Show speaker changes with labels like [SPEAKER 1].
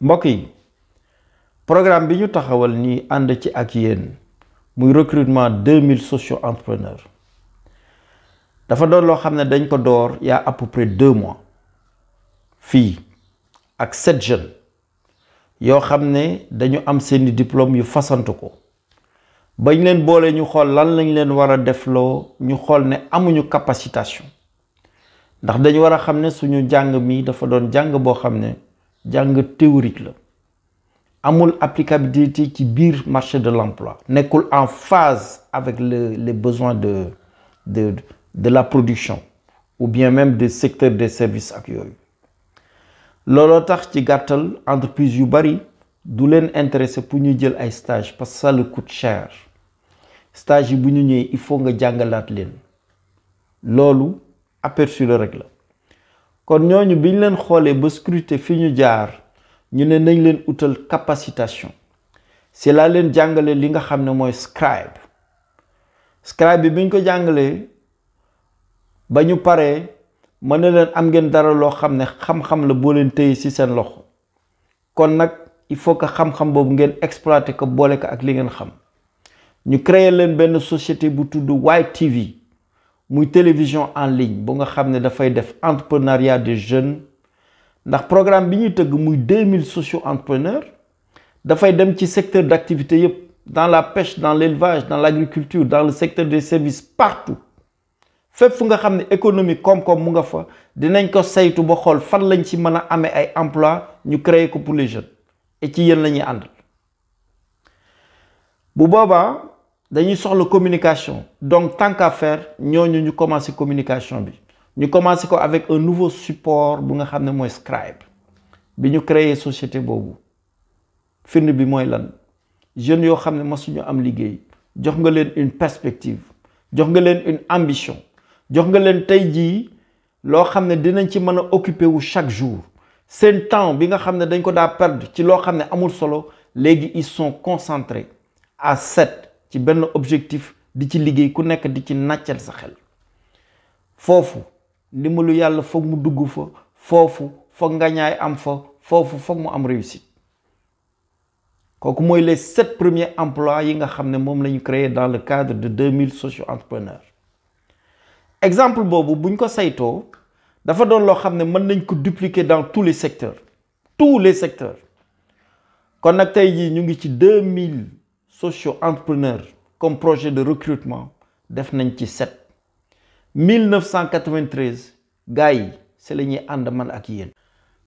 [SPEAKER 1] mbokk yi programme bi ñu taxawal nii ànd ci ak yéen muy recrutement 2000 socio entrepreneurs dafa doon loo xam ne dañ ko door y a à peu près deux mois fii ak sept jeunes yoo xam ne dañu am seeni diplôme yu fasantu ko bañ leen boole ñu xool lan lañ leen war a defloo ñu xool ne amuñu capacitation ndax dañu war a xam ne suñu jàng mii dafa doon jàng boo xam ne jàng théorique la amul applicabilité ci biir marché de l'emploi nekkul en phase avec le les besoins de de de la production ou bien même des secteurs des services ak yooyu looloo tax ci gàttal entreprise yu bari du leen intéressé pour ñu jël ay stage parce que ça le coûte cher stage yi bu ñu ñëwee il faut nga jàngalaat leen loolu aperçu la rek la kon ñooñu bi ñu leen xoolee ba scruté fi ñu jaar ñu ne nañ leen utal capacitation si laa leen jàngale li nga xam ne mooy scribe scribe bi bi ñu ko jàngalee ba ñu paree mën na leen am ngeen dara loo xam ne xam-xam la boo leen téye ci seen loxo kon nag il faut que xam-xam boobu ngeen exploité ko boole ko ak li ngeen xam ñu créer leen benn société bu tudd YTV muy télévision en ligne bu nga xam ne dafay def entrepreneuriat des jeunes ndax programme bi ñuy tëgg muy 2000 socio entrepreneurs dafay dem ci secteur d'activité yëpp dans la pêche dans l'élevage dans l'agriculture dans le secteur de services partout fépp fu nga xam ne économie koom-koom mu nga fa dinañ ko saytu ba xool fan lañ ci mën a amee ay emploi ñu créer ko pour les jeunes et ci yéen la ñuy àndal bu boobaa dañuy soxla communication donc tant qu'à faire ñooñu ñu commencé communication bi ñu commencé ko avec un nouveau support bu nga xam ne mooy Scribe bi ñu créer société boobu firnde bi mooy lan jeunes yoo xam ne masuñu am liggéey jox nga leen une perspective jox nga leen une ambition jox nga leen tey jii loo xam ne dinañ ci mën a occuper wu chaque jour seen temps bi nga xam ne dañ ko daa perdre ci loo xam ne amul solo léegi ils sont concentrés à sept ci benn objectif di ci liggéey ku nekk di ci nàccal sa xel foofu ndimbalu yàlla foog mu dugg fa foofu foog nga ñaay am fa foofu foog mu am réussite kooku mooy les sept premier emplois yi nga xam ne moom la ñu créé dans le cadre de 2000 socio entrepreneurs exemple boobu buñ ko saytoo dafa doon loo xam ne mën nañ ko dupliquer dans tous les secteurs tous les secteurs kon nag tey jii ñu ngi ci 2000 socio-entrepreneur comme projet de recruitement def nañ ci sept 1993 gars yi c'est la ñuy ànd man ak yéen